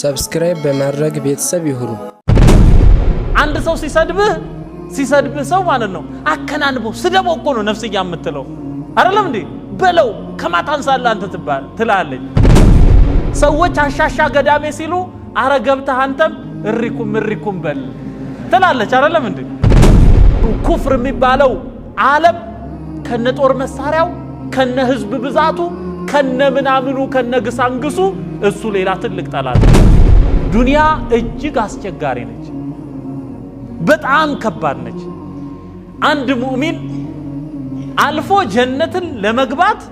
ሰብስክራይብ በማድረግ ቤተሰብ ይሁኑ። አንድ ሰው ሲሰድብህ ሲሰድብህ ሰው ማለት ነው አከናንበው ስደበው እኮ ነው ነፍስያ የምትለው አይደለም እንዴ? በለው ከማታንሳለህ አንተ ትባል ትላለች። ሰዎች አሻሻ ገዳሜ ሲሉ አረ ገብተህ አንተም እሪኩም እሪኩም በል ትላለች። አይደለም እንዴ? ኩፍር የሚባለው ዓለም ከነ ጦር መሳሪያው ከነ ህዝብ ብዛቱ ከነ ምናምኑ ከነ ግሳንግሱ እሱ ሌላ ትልቅ ጠላት ዱንያ እጅግ አስቸጋሪ ነች፣ በጣም ከባድ ነች። አንድ ሙእሚን አልፎ ጀነትን ለመግባት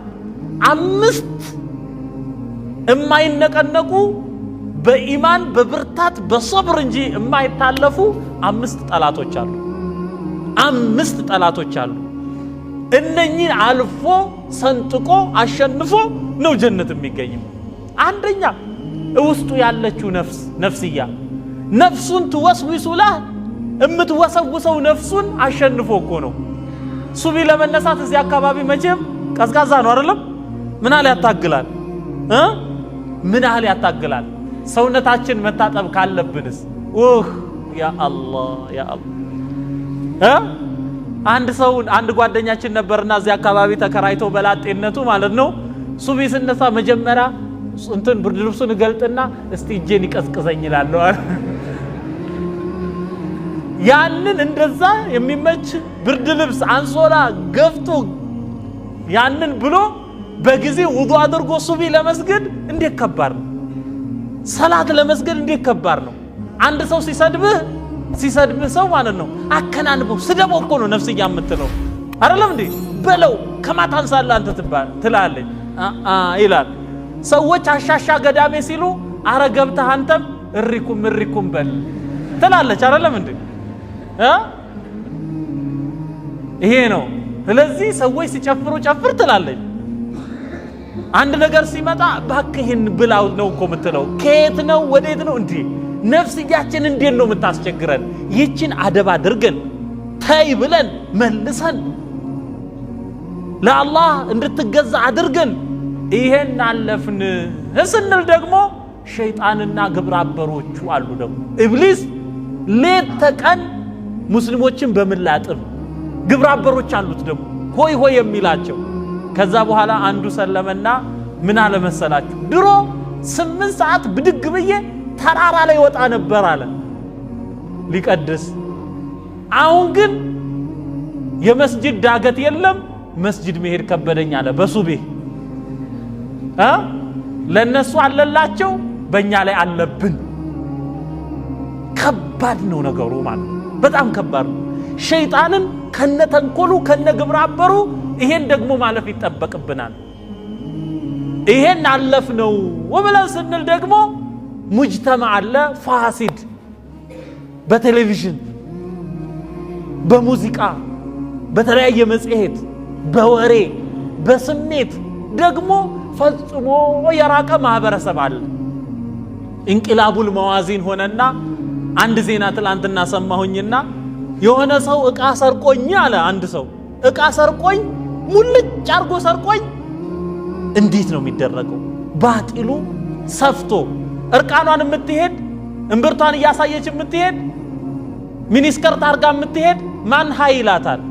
አምስት የማይነቀነቁ በኢማን በብርታት በሶብር እንጂ የማይታለፉ አምስት ጠላቶች አሉ። አምስት ጠላቶች አሉ። እነኚህ አልፎ ሰንጥቆ አሸንፎ ነው ጀነት የሚገኘው። አንደኛ እውስጡ ያለችው ነፍስ ነፍስያ ነፍሱን ትወስዊሱ እምትወሰውሰው ነፍሱን አሸንፎ እኮ ነው። ሱቢ ለመነሳት እዚህ አካባቢ መቼም ቀዝቃዛ ነው አይደለም? ምን ያህል ያታግላል እ ምን ያህል ያታግላል። ሰውነታችን መታጠብ ካለብንስ ኡህ ያ አላህ ያ አላህ እ አንድ ሰው አንድ ጓደኛችን ነበርና እዚህ አካባቢ ተከራይቶ በላጤነቱ ማለት ነው ሱቢ ስነሳ መጀመሪያ እንትን ብርድ ልብሱን እገልጥና እስቲ እጄን ይቀዝቅዘኝ ይላለዋል። ያንን እንደዛ የሚመች ብርድ ልብስ አንሶላ ገፍቶ ያንን ብሎ በጊዜ ውዱ አድርጎ ሱቢ ለመስገድ እንዴት ከባድ ነው። ሰላት ለመስገድ እንዴት ከባድ ነው። አንድ ሰው ሲሰድብህ ሲሰድብህ ሰው ማለት ነው አከናንበው ስደበው እኮ ነው ነፍስያ የምትለው አይደለም እንዴ በለው ከማታንሳላ አንተ ትላለች ይላል ሰዎች አሻሻ ገዳሜ ሲሉ አረ ገብተህ አንተም እሪኩም እሪኩም በል ትላለች። አይደለም እንዴ? ይሄ ነው። ስለዚህ ሰዎች ሲጨፍሩ ጨፍር ትላለች። አንድ ነገር ሲመጣ እባክህ ይሄን ብላው ነው እኮ የምትለው። ከየት ነው ወዴት ነው እንዴ? ነፍስያችን እንዴት ነው የምታስቸግረን? ይችን አደብ አድርገን ተይ ብለን መልሰን ለአላህ እንድትገዛ አድርገን ይሄን አለፍን ስንል ደግሞ ሸይጣንና ግብረ አበሮቹ አሉ። ደግሞ ኢብሊስ ሌት ተቀን ሙስሊሞችን በምላጥብ ግብረ አበሮች አሉት ደግሞ ሆይ ሆይ የሚላቸው። ከዛ በኋላ አንዱ ሰለመና ምን መሰላችሁ ድሮ ስምንት ሰዓት ብድግ ብዬ ተራራ ላይ ወጣ ነበር አለ ሊቀድስ። አሁን ግን የመስጅድ ዳገት የለም መስጅድ መሄድ ከበደኝ አለ በሱቤ ለእነሱ አለላቸው፣ በእኛ ላይ አለብን። ከባድ ነው ነገሩ ማለት በጣም ከባድ ነው። ሸይጣንን ከነ ተንኮሉ ከነ ግብረ አበሩ ይሄን ደግሞ ማለፍ ይጠበቅብናል። ይሄን አለፍ ነው ብለን ስንል ደግሞ ሙጅተማ አለ ፋሲድ በቴሌቪዥን በሙዚቃ በተለያየ መጽሔት በወሬ በስሜት ደግሞ ፈጽሞ የራቀ ማህበረሰብ አለ። እንቅላቡል መዋዚን ሆነና አንድ ዜና ትላንትና ሰማሁኝና የሆነ ሰው እቃ ሰርቆኝ አለ። አንድ ሰው እቃ ሰርቆኝ፣ ሙልጭ አርጎ ሰርቆኝ። እንዴት ነው የሚደረገው? ባጢሉ ሰፍቶ እርቃኗን የምትሄድ እምብርቷን እያሳየች የምትሄድ ሚኒስከር አርጋ የምትሄድ ማን ሀይ ይላታል።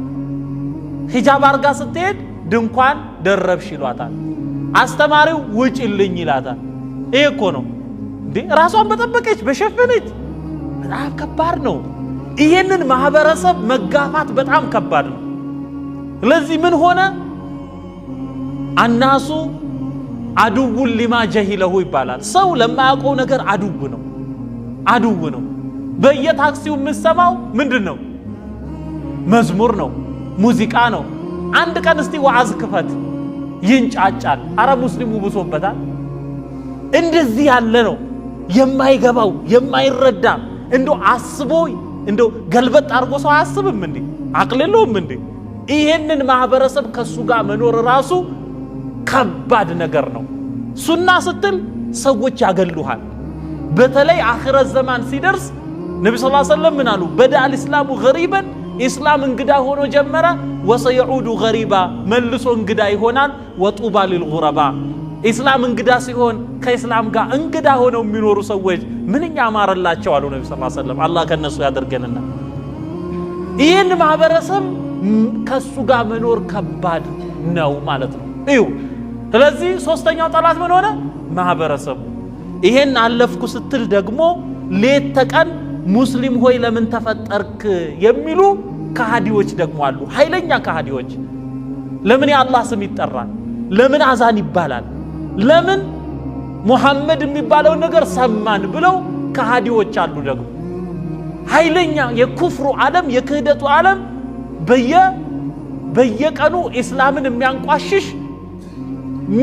ሂጃብ አርጋ ስትሄድ ድንኳን ደረብሽ ይሏታል። አስተማሪው ውጭልኝ ይላታል። ይሄ እኮ ነው እንዴ! ራሷን በጠበቀች በሸፈነች። በጣም ከባድ ነው። ይሄንን ማህበረሰብ መጋፋት በጣም ከባድ ነው። ስለዚህ ምን ሆነ? አናሱ አድውን ሊማ ጀሂለሁ ይባላል። ሰው ለማያውቀው ነገር አድው ነው፣ አድው ነው። በየታክሲው የምሰማው ምንድን ነው? መዝሙር ነው፣ ሙዚቃ ነው። አንድ ቀን እስቲ ዋዓዝ ክፈት ይንጫጫል። አረ ሙስሊሙ ብሶበታል። እንደዚህ ያለ ነው የማይገባው የማይረዳ እንዶ አስቦ እንዶ ገልበጥ አድርጎ ሰው አያስብም እንዴ? የለውም እንዴ? ይሄንን ማህበረሰብ ከሱ ጋር መኖር ራሱ ከባድ ነገር ነው። ሱና ስትል ሰዎች ያገሉሃል። በተለይ አኽረት ዘማን ሲደርስ ነቢ ስ ሰለም ምን አሉ? በዳ አልእስላሙ ገሪበን ኢስላም እንግዳ ሆኖ ጀመረ። ወሰየዑዱ ገሪባ መልሶ እንግዳ ይሆናል። ወጡባ ልልጉረባ ኢስላም እንግዳ ሲሆን ከኢስላም ጋር እንግዳ ሆነው የሚኖሩ ሰዎች ምንኛ አማረላቸው አሉ ነቢ ስ ሰለም። አላህ ከእነሱ ያደርገንና ይህን ማህበረሰብ ከእሱ ጋር መኖር ከባድ ነው ማለት ነው እዩ። ስለዚህ ሶስተኛው ጠላት ምን ሆነ? ማህበረሰቡ። ይሄን አለፍኩ ስትል ደግሞ ሌት ተቀን ሙስሊም ሆይ ለምን ተፈጠርክ የሚሉ ከሃዲዎች ደግሞ አሉ። ኃይለኛ ከሃዲዎች ለምን የአላህ ስም ይጠራል? ለምን አዛን ይባላል? ለምን ሙሐመድ የሚባለው ነገር ሰማን ብለው ከሃዲዎች አሉ። ደግሞ ኃይለኛ የኩፍሩ ዓለም የክህደቱ ዓለም በየ በየቀኑ ኢስላምን የሚያንቋሽሽ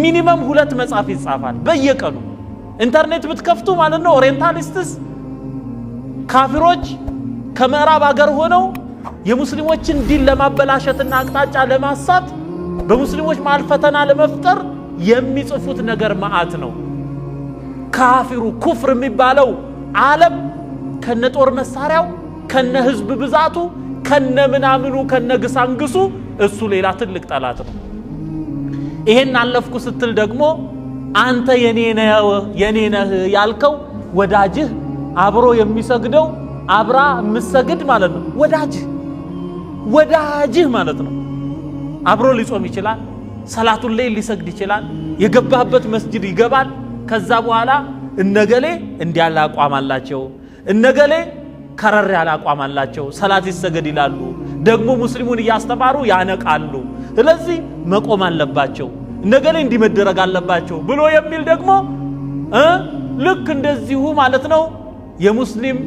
ሚኒመም ሁለት መጽሐፍ ይጻፋል በየቀኑ ኢንተርኔት ብትከፍቱ ማለት ነው ኦሪየንታሊስትስ ካፊሮች ከምዕራብ አገር ሆነው የሙስሊሞችን ዲን ለማበላሸትና አቅጣጫ ለማሳት በሙስሊሞች መሃል ፈተና ለመፍጠር የሚጽፉት ነገር መዓት ነው። ካፊሩ ኩፍር የሚባለው ዓለም ከነ ጦር መሳሪያው ከነ ህዝብ ብዛቱ ከነ ምናምኑ ከነ ግሳንግሱ እሱ ሌላ ትልቅ ጠላት ነው። ይሄን አለፍኩ ስትል ደግሞ አንተ የኔ ነህ ያልከው ወዳጅህ አብሮ የሚሰግደው አብራ የምትሰግድ ማለት ነው። ወዳጅህ ወዳጅህ ማለት ነው። አብሮ ሊጾም ይችላል። ሰላቱን ላይ ሊሰግድ ይችላል። የገባበት መስጅድ ይገባል። ከዛ በኋላ እነገሌ እንዲያለ አቋም አላቸው፣ እነገሌ ከረር ያለ አቋም አላቸው፣ ሰላት ይሰገድ ይላሉ። ደግሞ ሙስሊሙን እያስተማሩ ያነቃሉ። ስለዚህ መቆም አለባቸው፣ እነገሌ እንዲህ መደረግ አለባቸው ብሎ የሚል ደግሞ ልክ እንደዚሁ ማለት ነው የሙስሊም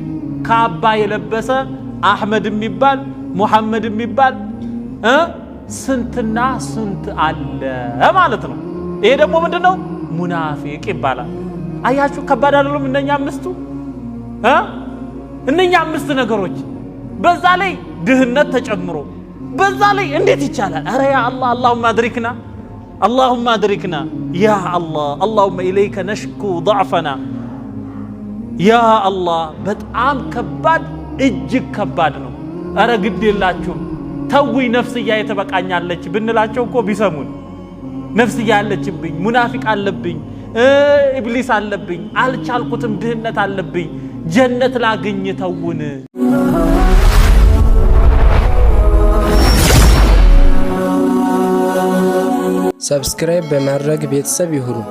ካባ የለበሰ አህመድ የሚባል ሙሐመድ የሚባል ስንትና ስንት አለ ማለት ነው። ይሄ ደግሞ ምንድን ነው? ሙናፊቅ ይባላል። አያችሁ፣ ከባድ አይደሉም? እነኛ አምስቱ እነኛ አምስት ነገሮች በዛ ላይ ድህነት ተጨምሮ በዛ ላይ እንዴት ይቻላል? አረ ያ አላህ አላሁማ አድሪክና አላሁማ አድሪክና ያ አላህ አላሁማ ኢለይከ ነሽኩ ضዕፈና ያ አላህ በጣም ከባድ እጅግ ከባድ ነው። እረ ግድ የላችሁም ተዊ ነፍስያ የተበቃኛለች ብንላቸው እኮ ቢሰሙን ነፍስያ ያለችብኝ፣ ሙናፊቅ አለብኝ፣ ኢብሊስ አለብኝ፣ አልቻልኩትም፣ ድህነት አለብኝ፣ ጀነት ላግኝ ተውን። ሰብስክራይብ በማድረግ ቤተሰብ ይሁኑ።